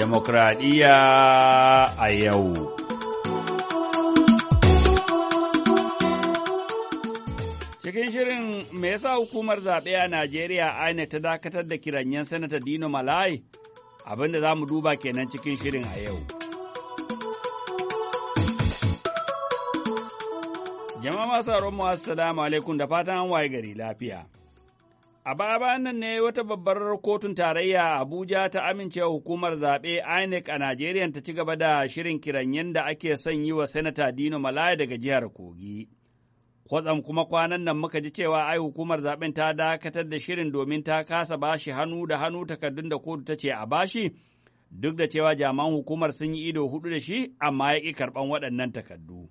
Demokradiyya a yau. Cikin shirin me yasa hukumar zaɓe a Najeriya aina ta dakatar da kiranyen Sanata Dino Malai? Abinda za mu duba kenan cikin shirin a yau. Jama'a masu mu assalamu alaikum da fatan an waye gari lafiya. A baya nan ne wata babbar kotun tarayya Abuja ta amincewa hukumar zaɓe INEC a Najeriya ta ci gaba da shirin kiran yadda ake son yi wa Sanata Dino Malaya daga jihar Kogi. Kwatsam kuma kwanan nan muka ji cewa ai hukumar zaɓen ta dakatar da shirin domin ta kasa bashi hannu da hannu takardun da kotu ta ce a bashi duk da cewa jami'an hukumar sun yi ido hudu da shi amma ya ƙi karɓan waɗannan takardu.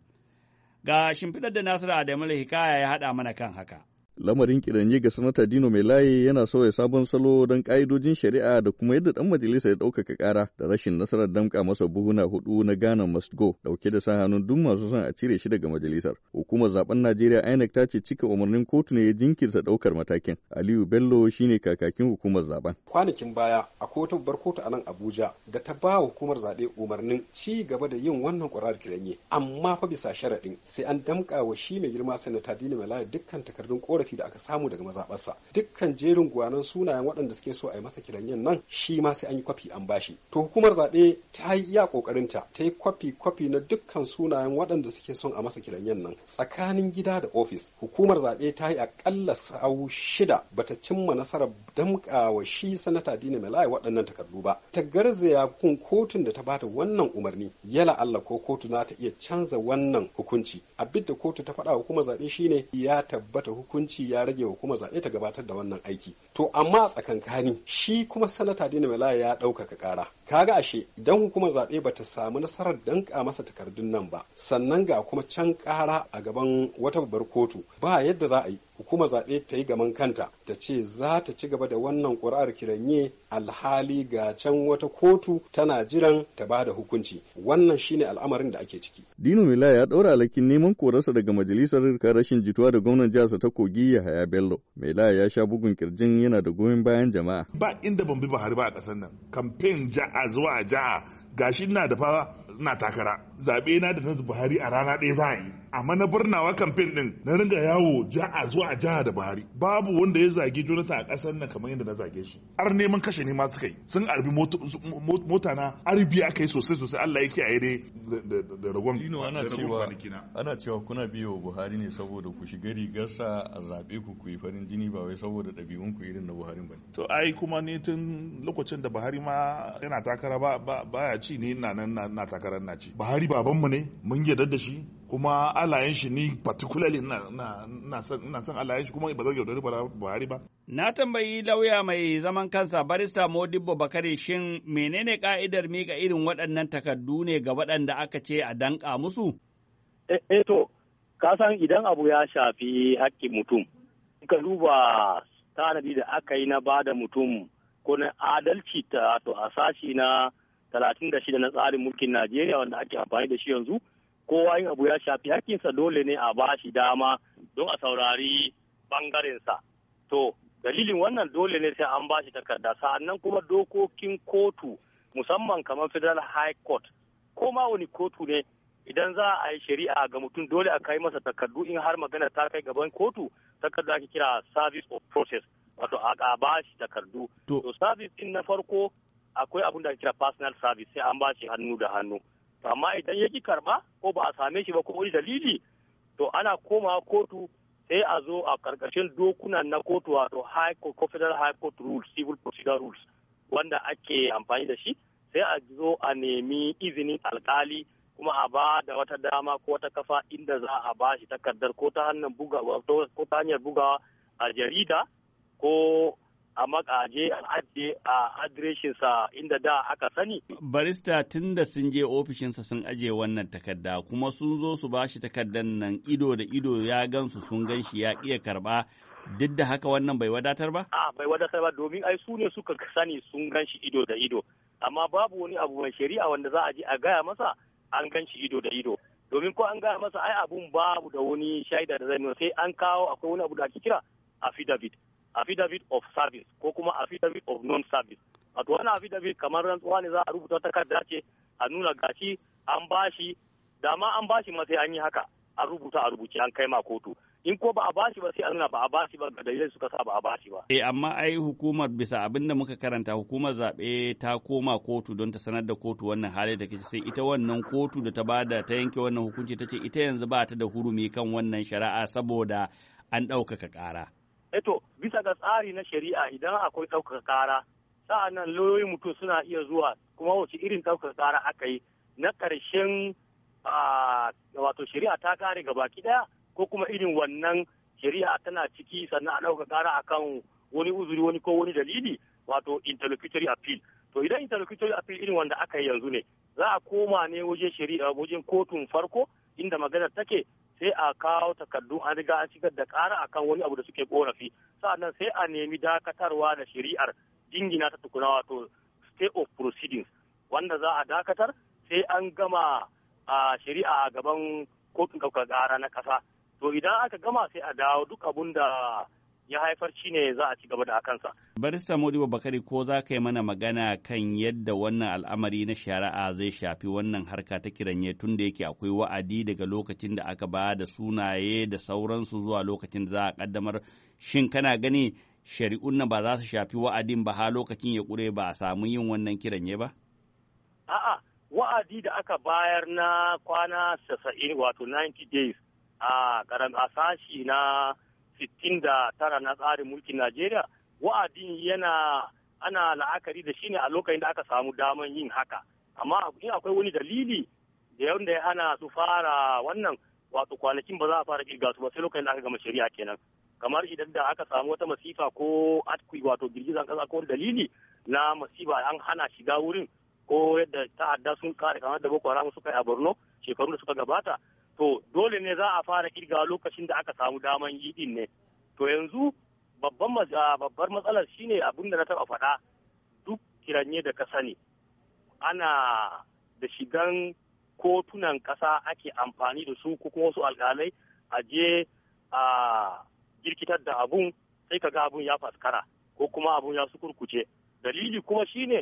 Ga shimfiɗar da Nasiru Adamu Hikaya ya haɗa mana kan haka. lamarin kiranye ga sanata dino mai laye yana sauya sabon salo don ƙa'idojin shari'a da kuma yadda ɗan majalisa ya ɗaukaka ƙara da rashin nasarar damƙa masa buhuna hudu na ghana must go dauke da sa hannun duk masu son a cire shi daga majalisar hukumar zaben najeriya inec ta ce cika umarnin kotu ne ya jinkirta ɗaukar matakin aliyu bello shine kakakin hukumar zaben kwanakin baya a kotu bar kotu a nan abuja da ta ba hukumar zaɓe umarnin ci gaba da yin wannan ƙwarar kiranye amma fa bisa sharaɗin sai an damƙa wa shi mai girma sanata dino mai laye dukkan takardun ƙorafi korafi da aka samu daga mazaɓarsa dukkan jerin gwanan sunayen waɗanda suke so a yi masa kiranyen nan shi ma sai an yi kwafi an bashi to hukumar zaɓe ta yi iya ƙoƙarinta ta yi kwafi kwafi na dukkan sunayen waɗanda suke son a masa kiranyen nan tsakanin gida da ofis hukumar zaɓe ta yi aƙalla sa'u shida bata cimma nasarar damƙawa shi sanata dina mai waɗannan takardu ba ta garzaya kun kotun da ta bata wannan umarni yala Allah ko kotu na ta iya canza wannan hukunci abin da kotu ta faɗa hukumar zaɓe shine ya tabbata hukunci aiki ya rage wa kuma zaɓe ta gabatar da wannan aiki to amma a tsakankani shi kuma sanata dina mai ya ɗaukaka ƙara kaga ashe idan hukumar zaɓe ba ta samu nasarar danka masa takardun nan ba sannan ga kuma can ƙara a gaban wata babbar kotu ba yadda za a yi hukumar zaɓe ta yi gaban kanta ta ce za ta ci gaba da wannan ƙuri'ar kiranye alhali ga can wata kotu tana jiran ta ba da hukunci wannan shine al'amarin da ake ciki. Dino Mila ya ɗaura alakin neman korarsa daga majalisar kan rashin jituwa da gwamnan jihar ta kogi ya haya Bello. Mila ya sha bugun kirjin yana da goyon bayan jama'a. Ba inda ban bi Buhari ba a ƙasar nan. Kamfen ja a zuwa a ja'a gashi na da fa na takara zaɓe na da na buhari a rana ɗaya za a yi amma na birnawa kamfen din na ringa yawo a zuwa a jiha da buhari babu wanda ya zage jonathan a kasar nan kamar yadda na zage shi har neman kashe ne ma suka yi sun arbi mota na arbi aka yi sosai sosai allah ya kiyaye dai da ragon ana cewa kuna biyo buhari ne saboda ku shiga rigarsa a zaɓe ku ku yi farin jini ba wai saboda ɗabi'un ku irin na buhari ba to ai kuma ne tun lokacin da buhari ma yana takara ba ya ci ne na nan na takarar na ci buhari babanmu ne mun yarda da shi kuma alayen shi ni particularly na na san alayen shi kuma ba zan yaudari Buhari ba na tambayi lauya mai zaman kansa barista Modibbo Bakare shin menene ka'idar mika irin waɗannan takardu ne ga waɗanda aka ce a danka musu eh, eh to ka san idan abu ya shafi haƙƙin mutum ka duba tanadi da aka yi na bada mutum ko na adalci ta to a sashi na 36 na tsarin mulkin Najeriya wanda ake amfani da shi yanzu kowa yin abu ya shafi hakinsa dole ne a ba shi dama don a saurari bangarensa to dalilin wannan dole ne sai an ba shi takarda sa'annan kuma dokokin kotu musamman kamar federal high court ko ma wani kotu ne idan za a yi shari'a ga mutum dole a kai masa takardu in har magana ta kai gaban kotu takardu ake kira service of process wato a ba shi takardu to service din na farko akwai abin da ake kira personal service sai an ba shi hannu da hannu amma idan ya ki karba ko ba a same shi ba ko wani dalili to ana koma kotu sai a zo a karkashin dokunan na kotu wato high court federal high court rules civil procedure rules wanda ake amfani da shi sai a zo a nemi izinin alkali kuma a ba da wata dama ko wata kafa inda za a ba shi takardar ko ta hanyar bugawa ko ta hanyar bugawa a jarida ko a makaje a ajiye a inda da aka sani. Barista tun da sun je ofishinsa sun aje wannan takarda kuma sun zo su ba shi takardar nan ido da ido ya gansu sun gan shi ya iya karba duk da haka wannan bai wadatar ba? A bai wadatar ba domin ai su ne suka sani sun gan shi ido da ido amma babu wani abu mai shari'a wanda za a je a gaya masa an gan shi ido da ido. domin ko an gaya masa ai abun babu da wani shaida da zai sai an kawo akwai wani abu da ake kira affidavit affidavit of service ko kuma affidavit of non service wato wannan affidavit kamar rantsuwa ne za a rubuta takarda ce a nuna gashi an bashi da an bashi ma sai an yi haka an rubuta a rubuce an kai ma kotu in ko ba a bashi ba sai a nuna ba a bashi ba ga dalilai suka sa ba a bashi ba eh amma ai hukumar bisa abin da muka karanta hukumar zabe ta koma kotu don ta sanar da kotu wannan hali da kace sai ita wannan kotu da ta bada ta yanke wannan hukunci ta ce ita yanzu ba ta da hurumi kan wannan shari'a saboda an ɗaukaka ƙara eto bisa ga tsari na shari'a idan akwai ɗaukar kara sa'an nan lauyoyin mutum suna iya zuwa kuma wace irin ɗaukaka kara aka yi na ƙarshen wato shari'a ta kare gabaki ɗaya ko kuma irin wannan shari'a tana ciki sannan a ɗaukar kara akan wani uzuri wani ko wani dalili wato interlocutory appeal to idan interlocutory appeal irin wanda aka yi yanzu ne za a koma ne wajen shari'a wajen kotun farko inda maganar take sai a kawo takardu an riga an shigar da kara akan wani abu da suke korafi sa'annan sai a nemi dakatarwa da shari'ar jingina ta tukuna wato state of proceedings wanda za a dakatar sai an gama a shari'a a gaban kotun ɗaukar gara na kasa to idan aka gama sai a dawo duk abun da ya haifar shi ne za a ci gaba da akansa. Barista Modibo Bakari ko za ka yi mana magana kan yadda wannan al'amari na shari'a zai shafi wannan harka ta kiranye tun da yake akwai wa'adi daga lokacin da aka ba da sunaye da sauransu zuwa lokacin da za a kaddamar shin kana gani shari'un nan ba za su shafi wa'adin ba ha lokacin ya kure ba a samu yin wannan kiranye ba? A'a wa'adi da aka bayar na kwana 90 wato 90 days a sashi na 69 na tsarin mulkin Najeriya wa'adin yana ana la'akari da shi ne a lokacin da aka samu daman yin haka amma in akwai wani dalili da yadda ya hana su fara wannan wato kwanakin ba za a fara girga su ba sai lokacin da aka gama shari'a kenan kamar idan da aka samu wata masifa ko atkwi wato girgizan kasa ko dalili na masifa an hana shiga wurin ko yadda ta'adda sun kare kamar da boko haram suka yi a borno shekaru da suka gabata to dole ne za a fara kirga lokacin da aka samu daman yi din ne to yanzu babban babbar matsalar shine abin da na taba faɗa duk kiranye da ka sani ana da shigan kotunan ƙasa ake amfani da su ko kuma wasu alƙalai a je a girkitar da abun sai ka abun ya faskara ko kuma abun ya sukurkuce dalili kuma shine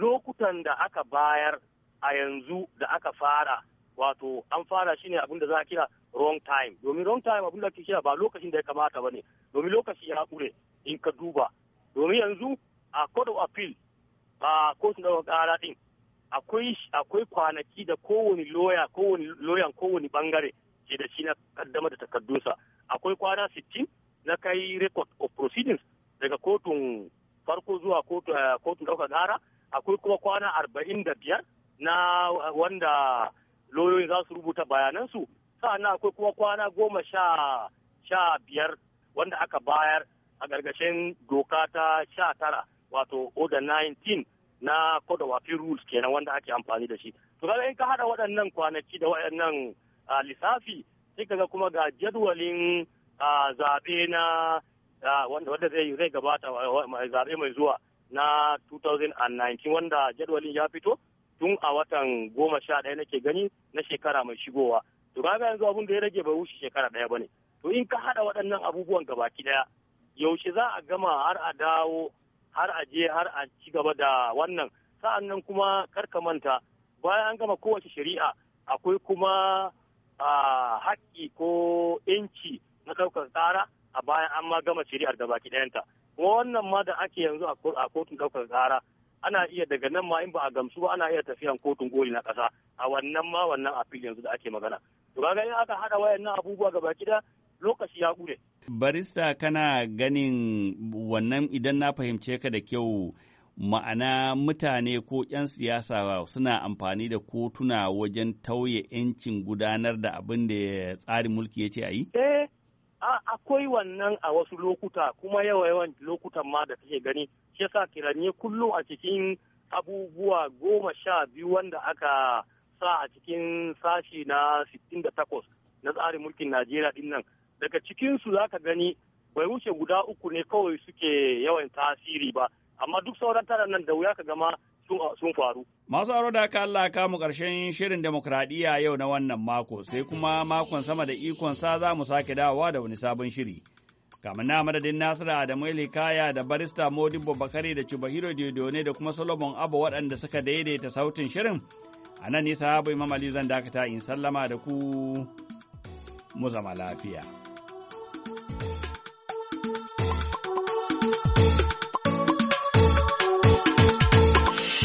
lokutan da aka bayar a yanzu da aka fara wato an fara shine abin da za a kira wrong time domin wrong time abin da ake kira ba lokacin da ya kamata ba ne domin lokaci ya ƙure in ka duba domin yanzu a court of appeal a kotun ɗaukar ƙara ɗin akwai akwai kwanaki da kowane loya kowane loyan kowane bangare ke da shi na kaddama da takardunsa akwai kwana 60 na kai record of proceedings daga kotun farko zuwa eh, kotun ɗaukar ƙara akwai kuma kwana 45 na wanda lauyoyin za su rubuta bayanansu sa'annan akwai kuma kwana goma sha sha biyar wanda aka bayar a gargashin doka ta sha tara wato order 19 na code of rules kenan wanda ake amfani da shi to ga in ka hada waɗannan kwanaki da waɗannan lissafi sai kaga kuma ga jadwalin zaɓe na wanda zai zai gabata zaɓe mai zuwa na 2019 wanda jadwalin ya fito tun a watan goma sha ɗaya nake gani na shekara mai shigowa to kaga yanzu abun da ya rage bai wuce shekara ɗaya bane to in ka haɗa waɗannan abubuwan gabaki ɗaya yaushe za a gama har a dawo har a je har a ci gaba da wannan sa'an nan kuma karka manta bayan an gama kowace shari'a akwai kuma haƙƙi ko yanci na ɗaukar tsara a bayan an ma gama shari'ar gabaki ɗayanta kuma wannan ma da ake yanzu a kotun ɗaukar tsara ana iya daga nan ma in ba a gamsu ba ana iya tafiyan kotun koli na kasa a wannan ma wannan afil yanzu da ake magana to kaga in aka hada wayannan abubuwa gaba da lokaci ya gure barista kana ganin wannan idan na fahimce ka da kyau ma'ana mutane ko 'yan siyasa suna amfani da kotuna wajen tauye 'yancin gudanar da abin da tsarin mulki ya ce a yi? Eh, akwai wannan a wasu lokuta kuma yawa yawan lokutan ma da take gani shi yasa kiranye kullum a cikin abubuwa goma sha biyu wanda aka sa a cikin sashi na 68 na tsarin mulkin najeriya din nan daga cikinsu za ka gani bai wuce guda uku ne kawai suke yawan tasiri ba amma duk sauran tara nan da wuya ka gama sun faru. Masu aro da aka Allah kamu ƙarshen shirin demokradiyya yau na wannan mako sai kuma makon sama da ikon sa za mu sake dawowa da wani sabon shiri. Kamar na madadin Nasiru Adamu Kaya da barista Modibo Bakare da Cibahiro Diodone da kuma Solomon Abu waɗanda suka daidaita sautin shirin. A nan nisa Abu Imam Ali zan dakata in sallama da ku mu zama lafiya.